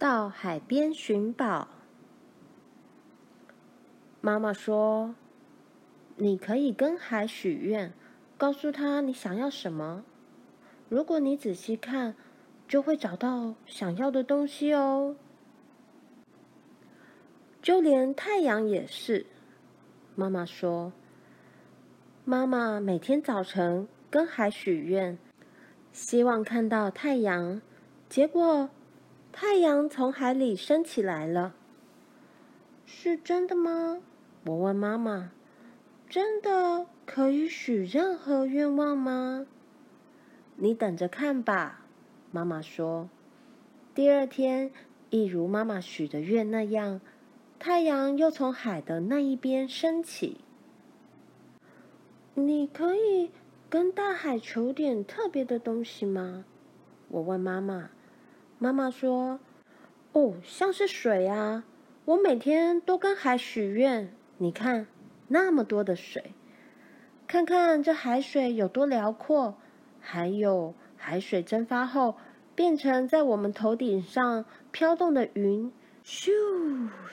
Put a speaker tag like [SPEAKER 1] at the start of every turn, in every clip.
[SPEAKER 1] 到海邊尋寶，媽媽說：“你可以跟海許願，告訴他你想要什麼。如果你仔細看，就會找到想要的東西哦。就連太陽也是。”媽媽說：“媽媽每天早晨跟海許願，希望看到太陽，結果……”太陽從海裡升起來了，是真的嗎？我問媽媽：“真的可以許任何願望嗎？”你等着看吧，媽媽說。第二天，一如媽媽許的願那樣，太陽又從海的那一邊升起。你可以跟大海求點特別的東西嗎？我問媽媽。媽媽說：“哦，像是水啊！我每天都跟海許願。你看，那麼多的水，看看這海水有多遼闊。還有，海水蒸發後變成在我們頭頂上飄動的雲，咻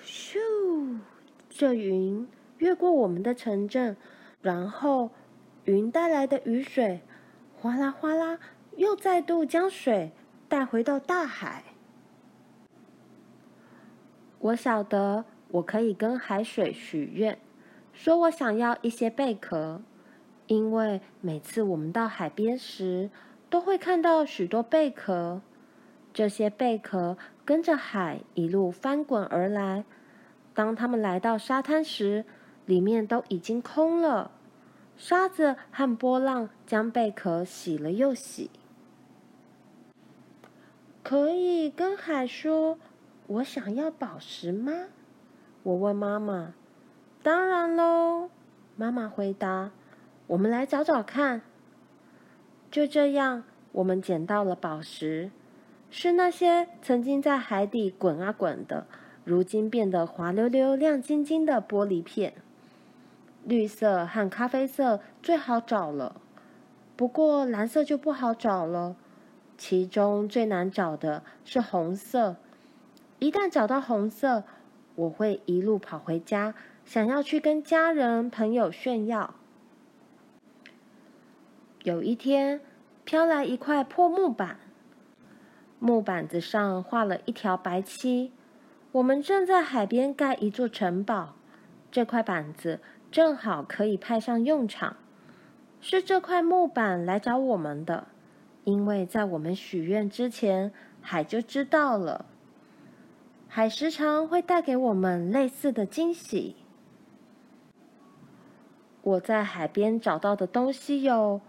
[SPEAKER 1] 咻，這雲越過我們的城鎮，然後雲帶來的雨水，嘩啦嘩啦，又再度將水。”帶回到大海。我曉得，我可以跟海水許願，說我想要一些貝殼，因為每次我們到海邊時，都會看到許多貝殼。這些貝殼跟着海一路翻滾而來，當它們來到沙灘時，裡面都已經空了。沙子和波浪將貝殼洗了又洗。可以跟海說，我想要寶石嗎？我問媽媽。當然嘍，媽媽回答。我們來找找看。就這樣，我們撿到了寶石，是那些曾經在海底滾啊滾的，如今變得滑溜溜、亮晶晶的玻璃片。綠色和咖啡色最好找了，不過藍色就不好找了。其中最難找的是紅色。一旦找到紅色，我會一路跑回家，想要去跟家人朋友炫耀。有一天，飄來一塊破木板，木板子上畫了一條白漆。我們正在海邊蓋一座城堡，這塊板子正好可以派上用場。是這塊木板來找我們的。因為在我們許願之前，海就知道了。海時常會帶給我們類似的驚喜。我在海邊找到的東西有：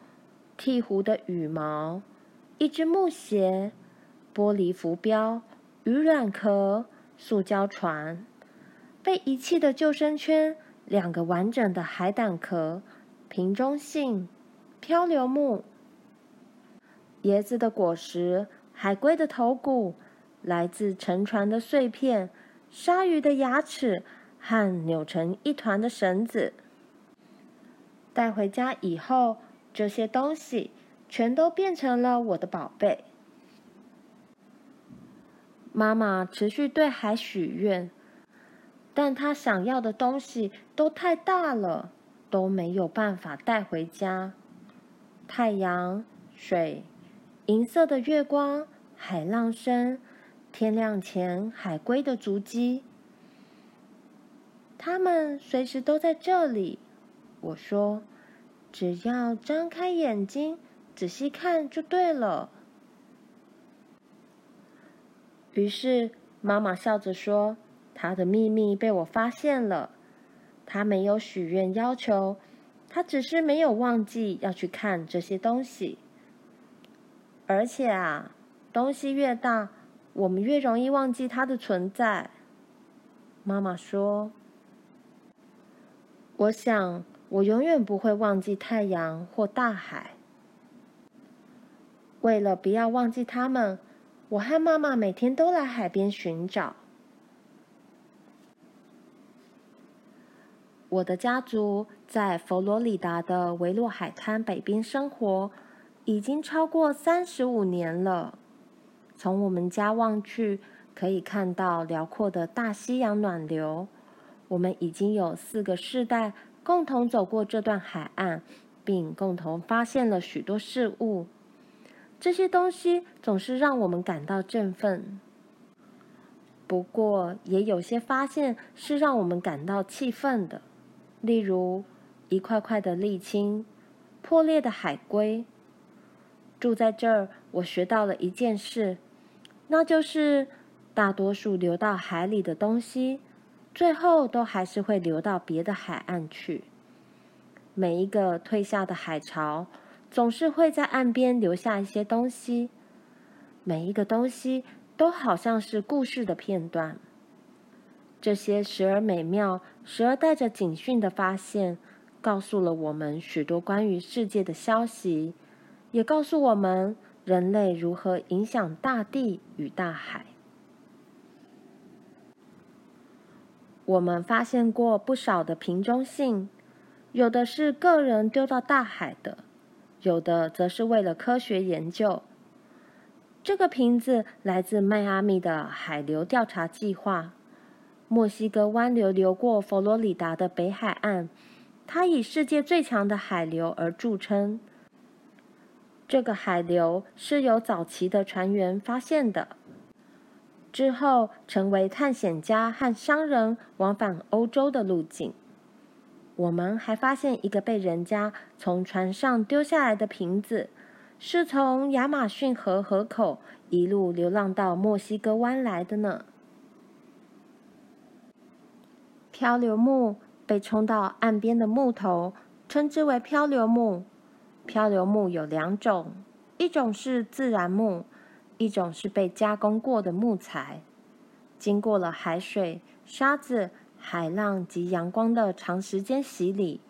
[SPEAKER 1] 鵜鶘的羽毛、一隻木鞋、玻璃浮標、魚卵殼、塑膠船、被遺棄的救生圈、兩個完整的海膽殼、瓶中信、漂流木。椰子的果實、海龜的頭骨、來自沉船的碎片、鯊魚的牙齒和扭成一團的繩子，帶回家以後，這些東西全都變成了我的寶貝。媽媽持續對海許願，但她想要的東西都太大了，都沒有辦法帶回家。太陽、水。銀色的月光，海浪聲，天亮前海龜的足跡。他們隨時都在這裡。我說：“只要張開眼睛，仔細看就對了。”於是媽媽笑着說：“他的秘密被我發現了。他沒有許願要求，他只是沒有忘記要去看這些東西。”而且啊，東西越大，我們越容易忘記它的存在。媽媽說：“我想，我永遠不會忘記太陽或大海。為了不要忘記他們，我和媽媽每天都來海邊尋找。”我的家族在佛羅里達的維洛海灘北邊生活，已經超過三十五年了。從我們家望去，可以看到遼闊的大西洋暖流。我們已經有四個世代共同走過這段海岸，並共同發現了許多事物。這些東西總是讓我們感到振奮。不過，也有些發現是讓我們感到氣憤的，例如一塊塊的瀝青、破裂的海龜。住在這兒，我學到了一件事，那就是大多數流到海裡的東西，最後都還是會流到別的海岸去。每一個退下的海潮，總是會在岸邊留下一些東西。每一個東西都好像是故事的片段。這些時而美妙，時而帶着警訊的發現，告訴了我們許多關於世界的消息。也告訴我們人類如何影響大地與大海。我們發現過不少的瓶中信，有的是個人丟到大海的，有的則是為了科學研究。這個瓶子來自邁阿密的海流調查計劃。墨西哥灣流流過佛羅里達的北海岸，它以世界最強的海流而著稱。這個海流是由早期的船員發現的，之後成為探險家和商人往返歐洲的路徑。我們還發現一個被人家從船上丟下來的瓶子，是從亞馬遜河河口一路流浪到墨西哥灣來的呢。漂流木，被沖到岸邊的木頭，稱之為漂流木。漂流木有兩種，一種是自然木，一種是被加工過的木材。經過了海水、沙子、海浪及陽光的長時間洗禮，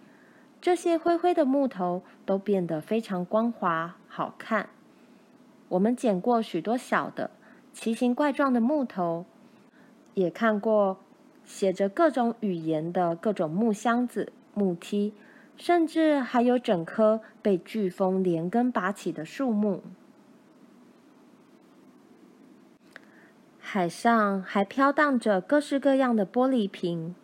[SPEAKER 1] 這些灰灰的木頭都變得非常光滑、好看。我們撿過許多小的、奇形怪狀的木頭，也看過寫着各種語言的各種木箱子、木梯。甚至還有整棵被颶風連根拔起的樹木。海上還飄蕩着各式各樣的玻璃瓶，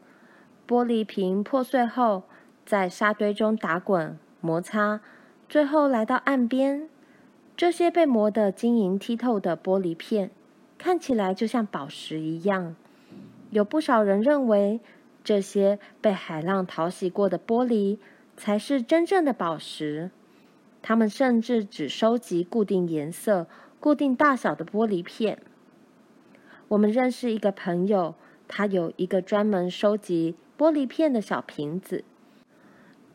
[SPEAKER 1] 玻璃瓶破碎後，在沙堆中打滾、摩擦，最後來到岸邊。這些被磨得晶瑩剔透的玻璃片，看起來就像寶石一樣。有不少人認為，這些被海浪淘洗過的玻璃。才是真正的寶石。他們甚至只收集固定顏色、固定大小的玻璃片。我們認識一個朋友，他有一個專門收集玻璃片的小瓶子，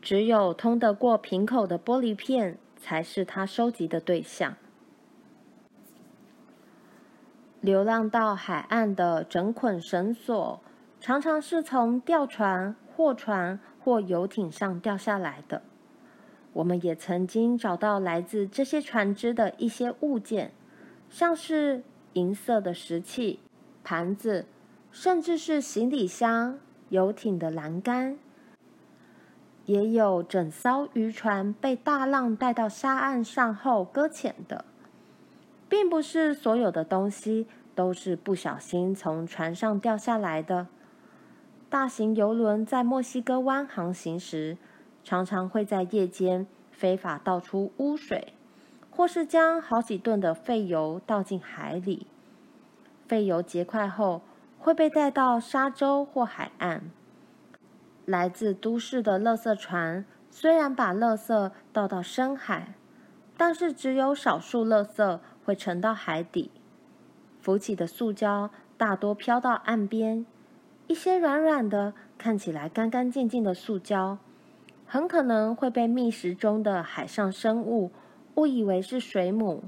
[SPEAKER 1] 只有通得過瓶口的玻璃片才是他收集的對象。流浪到海岸的整捆繩索，常常是從吊船、貨船，或遊艇上掉下來的，我們也曾經找到來自這些船只的一些物件，像是銀色的石器、盤子，甚至是行李箱、遊艇的欄杆，也有整艘漁船被大浪帶到沙岸上後擱淺的。並不是所有的東西都是不小心從船上掉下來的。大型遊輪在墨西哥灣航行時，常常會在夜間非法倒出污水，或是將好幾噸的廢油倒進海裡。廢油結塊後會被帶到沙洲或海岸。來自都市的垃圾船雖然把垃圾倒到深海，但是只有少數垃圾會沉到海底。浮起的塑膠大多漂到岸邊。一些軟軟的、看起來乾干淨淨的塑膠，很可能會被覓食中的海上生物誤以為是水母。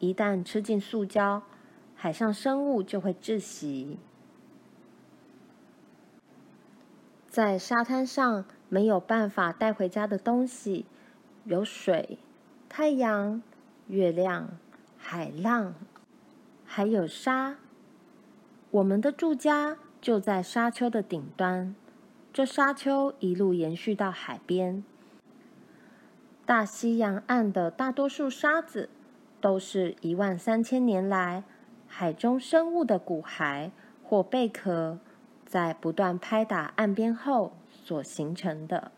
[SPEAKER 1] 一旦吃進塑膠，海上生物就會窒息。在沙灘上沒有辦法帶回家的東西，有水、太陽、月亮、海浪，還有沙。我們的住家。就在沙丘的頂端，這沙丘一路延續到海邊。大西洋岸的大多數沙子，都是一萬三千年來海中生物的骨骸或貝殼，在不斷拍打岸邊後所形成的。